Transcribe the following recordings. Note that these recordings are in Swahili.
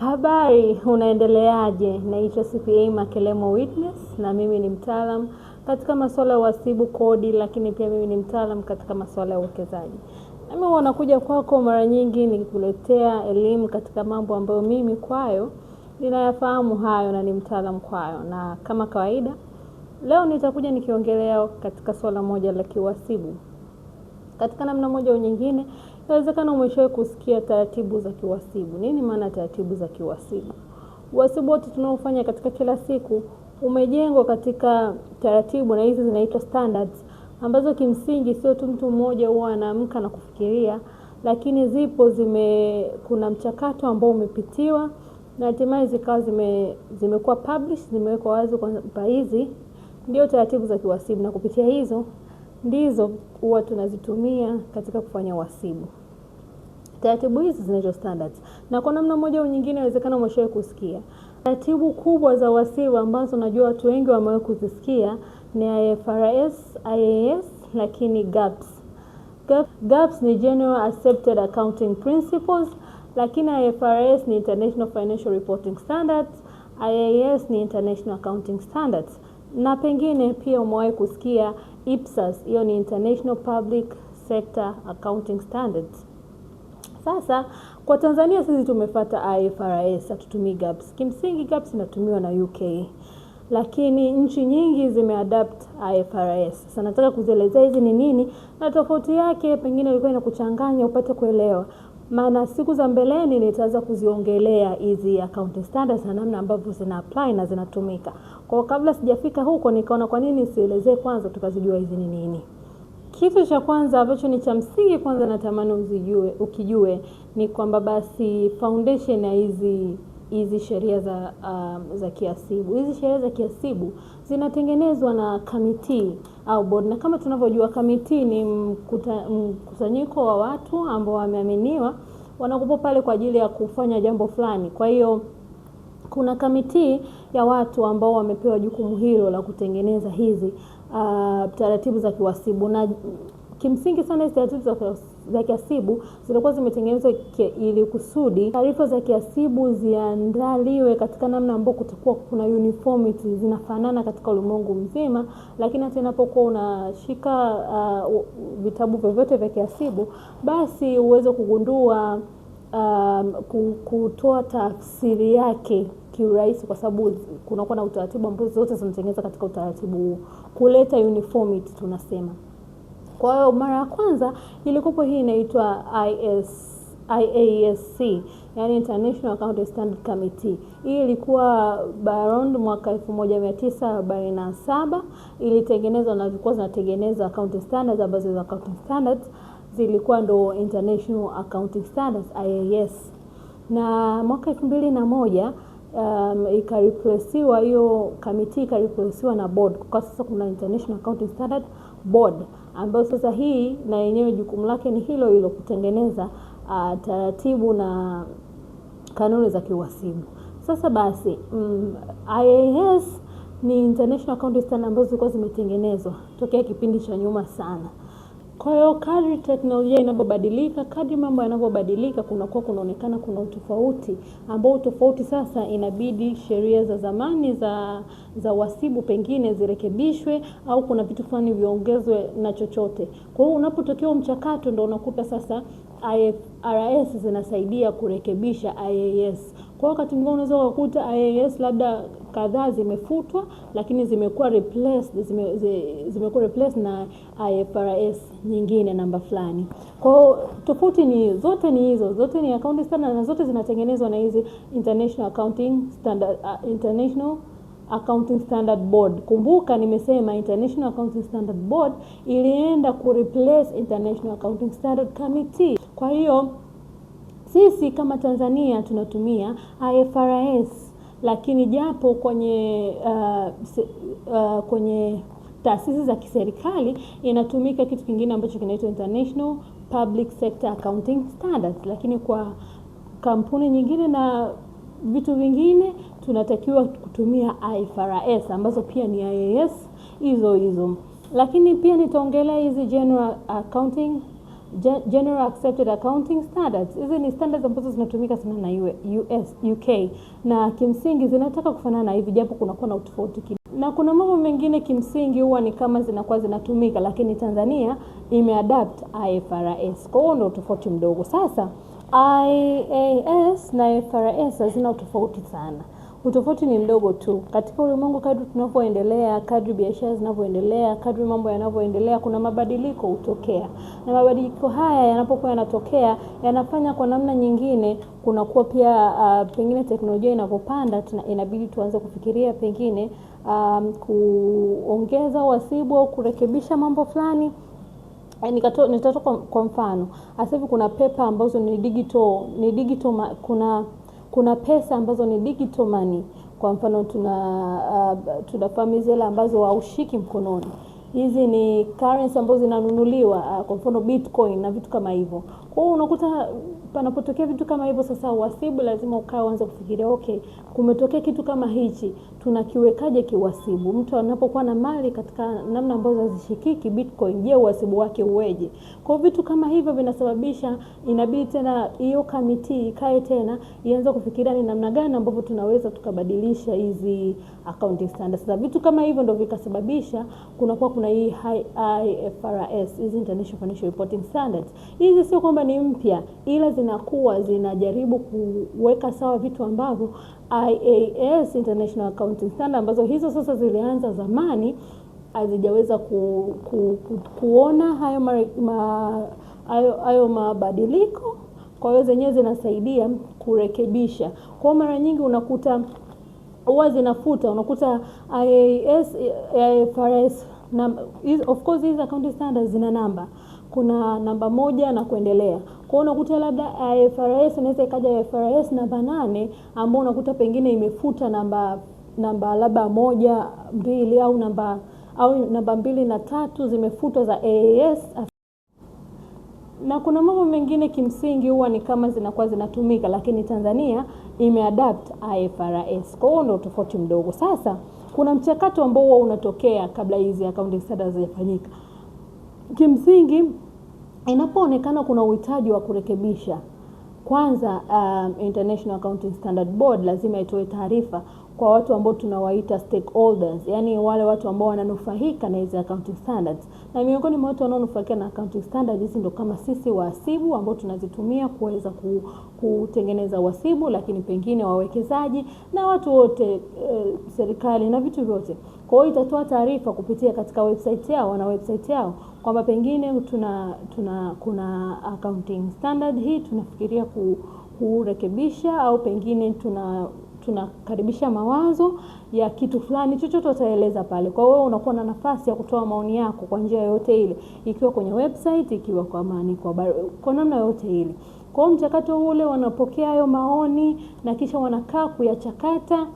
Habari, unaendeleaje? Naitwa CPA Makelemo Witness na mimi ni mtaalam katika masuala ya uhasibu kodi, lakini pia mimi ni mtaalam katika masuala ya uwekezaji. Nami wanakuja kwako mara nyingi nikikuletea elimu katika mambo ambayo mimi kwayo ninayafahamu hayo na ni mtaalam kwayo, na kama kawaida leo nitakuja nikiongelea katika swala moja la kiuhasibu katika namna moja au nyingine Inawezekana umeshawahi kusikia taratibu za kiwasibu. Nini maana taratibu za kiwasibu? Uhasibu wote tunaofanya katika kila siku umejengwa katika taratibu, na hizi zinaitwa standards, ambazo kimsingi sio tu mtu mmoja huwa anaamka na kufikiria, lakini zipo zime, kuna mchakato ambao umepitiwa na hatimaye zikawa zime, zimekuwa published, zimewekwa wazi kwamba hizi ndio taratibu za kiwasibu, na kupitia hizo ndizo huwa tunazitumia katika kufanya uhasibu. Taratibu hizi zinaitwa standards, na kwa namna moja au nyingine inawezekana umeshawahi kusikia taratibu kubwa za wasiwa ambazo najua watu wengi wamewahi kuzisikia ni IFRS, IAS, lakini GAPS. GAPS ni General Accepted Accounting Principles, lakini IFRS ni International Financial Reporting Standards, IAS ni International Accounting Standards na pengine pia umewahi kusikia IPSAS, hiyo ni International Public Sector Accounting Standards. Sasa kwa Tanzania sisi tumefuata IFRS, hatutumii GAPS. Kimsingi GAPS inatumiwa na UK lakini nchi nyingi zimeadapt IFRS. Sasa nataka kuzielezea hizi ni nini na tofauti yake, pengine ilikuwa inakuchanganya upate kuelewa, maana siku za mbeleni nitaanza kuziongelea hizi accounting standards na namna ambavyo zina apply na zinatumika. Kwa kabla sijafika huko, nikaona kwa nini sielezee kwanza tukazijua hizi ni nini. Kitu cha kwanza ambacho ni cha msingi kwanza natamani uzijue, ukijue ni kwamba basi foundation ya hizi hizi sheria za uh, za kiasibu hizi sheria za kiasibu zinatengenezwa na kamiti au board, na kama tunavyojua kamiti ni mkuta, mkusanyiko wa watu ambao wameaminiwa wanakupo pale kwa ajili ya kufanya jambo fulani. Kwa hiyo kuna kamiti ya watu ambao wamepewa jukumu hilo la kutengeneza hizi uh, taratibu za kiwasibu na kimsingi sana hizi taratibu za za kiasibu zinakuwa zimetengenezwa ili kusudi taarifa za kiasibu ziandaliwe katika namna ambayo kutakuwa kuna uniformity, zinafanana katika ulimwengu mzima. Lakini hata inapokuwa unashika uh, vitabu vyovyote vya kiasibu, basi uweze kugundua um, kutoa tafsiri yake kiurahisi, kwa sababu kunakuwa na utaratibu ambazo zote zinatengeneza katika utaratibu huo, kuleta uniformity tunasema. Kwa hiyo mara ya kwanza ilikopo hii inaitwa IS IASC yani International Accounting Standard Committee. Hii ilikuwa around mwaka 1947 ilitengenezwa na zilikuwa zinatengeneza accounting standards ambazo za accounting standards zilikuwa ndo International Accounting Standards IAS, na mwaka elfu mbili na moja um, ikareplaciwa hiyo kamiti ikareplaciwa na board. Kwa sasa kuna International Accounting Standard Board ambayo sasa hii na yenyewe jukumu lake ni hilo hilo kutengeneza uh, taratibu na kanuni za kiwasibu Sasa basi um, mm, IAS ni International Accounting Standard ambazo zilikuwa zimetengenezwa tokea kipindi cha nyuma sana. Kwa hiyo kadri teknolojia inavyobadilika, kadri mambo yanavyobadilika, kunakuwa kunaonekana kuna utofauti ambao utofauti sasa inabidi sheria za zamani za za uhasibu pengine zirekebishwe au kuna vitu fulani viongezwe na chochote. Kwa hiyo unapotokea mchakato, ndo unakuta sasa ifrs zinasaidia kurekebisha IAS. Kwa wakati mwingine unaweza kukuta IAS labda kadhaa zimefutwa, lakini zimekuwa replaced, zime, zi, zimekuwa replaced na IFRS nyingine namba fulani. Kwa tofauti ni zote ni hizo, zote ni accounting standard na zote zinatengenezwa na hizi International Accounting Standard uh, International Accounting Standard Board. Kumbuka nimesema International Accounting Standard Board ilienda kureplace International Accounting Standard Committee. Kwa hiyo sisi kama Tanzania tunatumia IFRS, lakini japo kwenye uh, uh, kwenye taasisi za kiserikali inatumika kitu kingine ambacho kinaitwa International Public Sector Accounting Standards, lakini kwa kampuni nyingine na vitu vingine tunatakiwa kutumia IFRS ambazo pia ni IAS hizo hizo, lakini pia nitaongelea hizi general accounting general accepted accounting standards. Hizi ni standards ambazo zinatumika sana na US, UK na kimsingi zinataka kufanana hivi, japo kunakuwa na utofauti na kuna mambo mengine kimsingi huwa ni kama zinakuwa zinatumika, lakini Tanzania imeadapt IFRS. Kwa hiyo ndio tofauti mdogo. Sasa IAS na IFRS hazina utofauti sana. Utofauti ni mdogo tu katika ulimwengu. Kadri tunavyoendelea, kadri biashara zinavyoendelea, kadri mambo yanavyoendelea, kuna mabadiliko hutokea, na mabadiliko haya yanapokuwa yanatokea, yanafanya kwa namna nyingine kunakuwa pia uh, pengine teknolojia inavyopanda, inabidi tuanze kufikiria pengine um, kuongeza uhasibu au kurekebisha mambo fulani. Eh, nitatoa kwa mfano, sasa hivi kuna pepa ambazo ni digital, ni digital ma, kuna kuna pesa ambazo ni digital money, kwa mfano tuna uh, tuna fahamu zile ambazo haushiki mkononi hizi ni currency ambazo zinanunuliwa, uh, kwa mfano Bitcoin na vitu kama hivyo. Kwa hiyo unakuta panapotokea vitu kama hivyo, sasa uhasibu lazima ukae uanze kufikiria, okay, kumetokea kitu kama hichi, tunakiwekaje kiwasibu? Mtu anapokuwa na mali katika namna ambazo hazishikiki Bitcoin, je, uhasibu wake uweje? Kwa vitu kama hivyo vinasababisha inabidi tena hiyo kamiti ikae tena ianze kufikiria ni namna gani ambavyo tunaweza tukabadilisha hizi account standards. Sasa vitu kama hivyo ndio vikasababisha kunakuwa kuna hii IFRS, hizi International Financial Reporting Standards. Hizi sio kwamba ni mpya, ila zinakuwa zinajaribu kuweka sawa vitu ambavyo IAS International Account accounting standard ambazo hizo sasa zilianza zamani hazijaweza ku, ku, ku, kuona hayo, ma, ma, hayo, hayo mabadiliko. Kwa hiyo zenyewe zinasaidia kurekebisha. Kwa mara nyingi unakuta huwa zinafuta, unakuta IAS, IFRS na, of course hizi accounting standards zina namba, kuna namba moja na kuendelea. Kwa hiyo unakuta labda IFRS inaweza ikaja IFRS namba nane, ambao unakuta pengine imefuta namba namba labda moja mbili au namba au namba mbili na tatu zimefutwa za AAS na kuna mambo mengine kimsingi huwa ni kama zinakuwa zinatumika, lakini Tanzania imeadapt IFRS. Kwa hiyo ndio tofauti mdogo. Sasa kuna mchakato ambao huwa unatokea kabla hizi accounting standards hazijafanyika. Kimsingi inapoonekana kuna uhitaji wa kurekebisha kwanza, um, International Accounting Standard Board lazima itoe taarifa kwa watu ambao tunawaita stakeholders, yani wale watu ambao wananufaika na hizi accounting standards. Na miongoni mwa watu wanaonufaika na accounting standards hizi ndo kama sisi wahasibu ambao tunazitumia kuweza kutengeneza uhasibu, lakini pengine wawekezaji na watu wote e, serikali na vitu vyote. Kwa hiyo itatoa taarifa kupitia katika website yao, wana website yao kwamba pengine tuna, tuna kuna accounting standard hii tunafikiria ku, kurekebisha au pengine tuna tunakaribisha mawazo ya kitu fulani, chochote utaeleza pale. Kwa hiyo unakuwa na nafasi ya kutoa maoni yako kwa njia yoyote ile, ikiwa kwenye website, ikiwa kwa maandiko, kwa namna yoyote ile. Kwa hiyo mchakato ule wanapokea hayo maoni na kisha wanakaa kuyachakata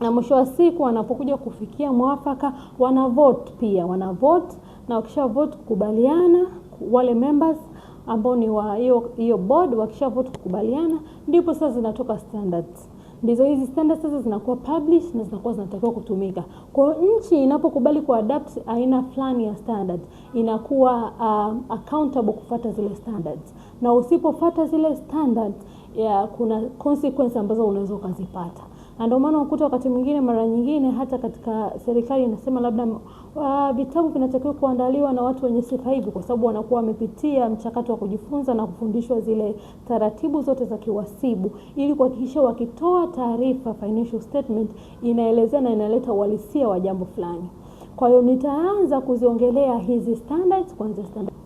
na mwisho wa siku wanapokuja kufikia mwafaka wana vote pia, wana vote na wakisha vote kukubaliana, wale members ambao ni wa hiyo hiyo board wakisha vote kukubaliana, ndipo sasa zinatoka standards ndizo hizi standards sasa zinakuwa published na zinakuwa zinatakiwa kutumika. Kwa hiyo nchi inapokubali kuadapt aina fulani ya standard inakuwa uh, accountable kufuata zile standards, na usipofuata zile standards ya kuna consequence ambazo unaweza ukazipata na ndio maana unakuta wakati mwingine, mara nyingine, hata katika serikali inasema labda uh, vitabu vinatakiwa kuandaliwa na watu wenye sifa hivi, kwa sababu wanakuwa wamepitia mchakato wa kujifunza na kufundishwa zile taratibu zote za kiwasibu, ili kuhakikisha wakitoa taarifa financial statement inaelezea na inaleta uhalisia wa jambo fulani. Kwa hiyo nitaanza kuziongelea hizi standards kwanza. Standard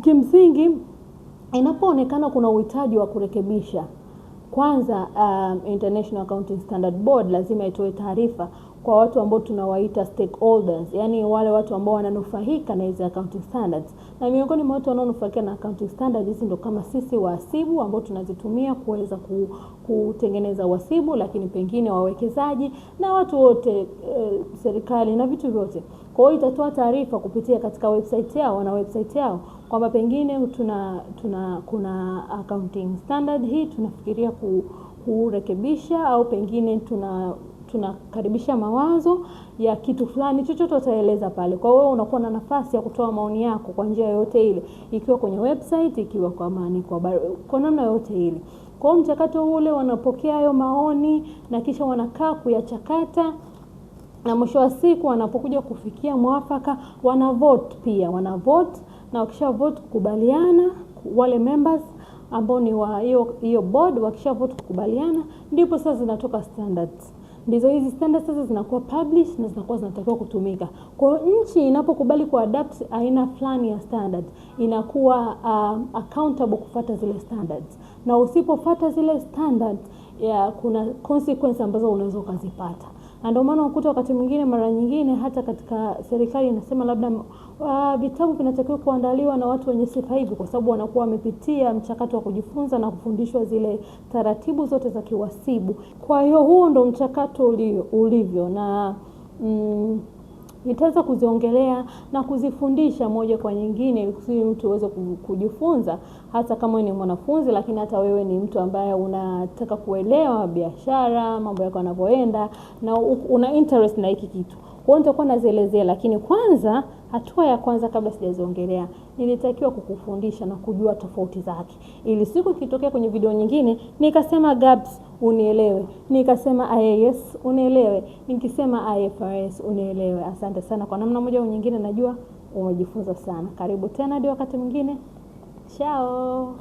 kimsingi, inapoonekana kuna uhitaji wa kurekebisha kwanza um, International Accounting Standard Board lazima itoe taarifa kwa watu ambao tunawaita stakeholders, yani wale watu ambao wananufaika na hizi accounting standards. Na miongoni mwa watu wanaonufaika na accounting standards hizi ndo kama sisi wahasibu ambao tunazitumia kuweza ku, kutengeneza uhasibu, lakini pengine wawekezaji na watu wote e, serikali na vitu vyote. Kwa hiyo itatoa taarifa kupitia katika website yao na website yao kwamba pengine tuna, tuna kuna accounting standard hii tunafikiria ku, kurekebisha au pengine tuna tunakaribisha mawazo ya kitu fulani chochote, utaeleza pale. Kwa hiyo unakuwa na nafasi ya kutoa maoni yako kwa njia yoyote ile, ikiwa kwenye website, ikiwa kwa maani, kwa namna yoyote ile. Kwa hiyo mchakato ule, wanapokea hayo maoni na kisha wanakaa kuyachakata na mwisho wa siku wanapokuja kufikia mwafaka, vote pia, vote na wakisha vote kukubaliana, wale members ambao ni wa hiyo hiyo board wakisha vote kukubaliana, ndipo sasa zinatoka standards ndizo hizi standards sasa zinakuwa published na zinakuwa zinatakiwa kutumika. Kwa hiyo nchi inapokubali kuadapt aina fulani ya standards inakuwa uh, accountable kufata zile standards, na usipofuata zile standards ya, kuna consequence ambazo unaweza ukazipata, na ndio maana ukuta wakati mwingine, mara nyingine hata katika serikali inasema labda Uh, vitabu vinatakiwa kuandaliwa na watu wenye sifa hivi, kwa sababu wanakuwa wamepitia mchakato wa kujifunza na kufundishwa zile taratibu zote za kiwasibu. Kwa hiyo huo ndo mchakato ulio, ulivyo na mm, nitaweza kuziongelea na kuzifundisha moja kwa nyingine, ili mtu uweze kujifunza, hata kama ni mwanafunzi, lakini hata wewe ni mtu ambaye unataka kuelewa biashara, mambo yako yanavyoenda, na una interest na hiki kitu. Kwa hiyo nitakuwa nazielezea, lakini kwanza Hatua ya kwanza, kabla sijaziongelea, nilitakiwa kukufundisha na kujua tofauti zake, ili siku ikitokea kwenye video nyingine nikasema gaps unielewe, nikasema IAS unielewe, nikisema IFRS unielewe. Asante sana, kwa namna moja au nyingine najua umejifunza sana. Karibu tena hadi wakati mwingine, chao.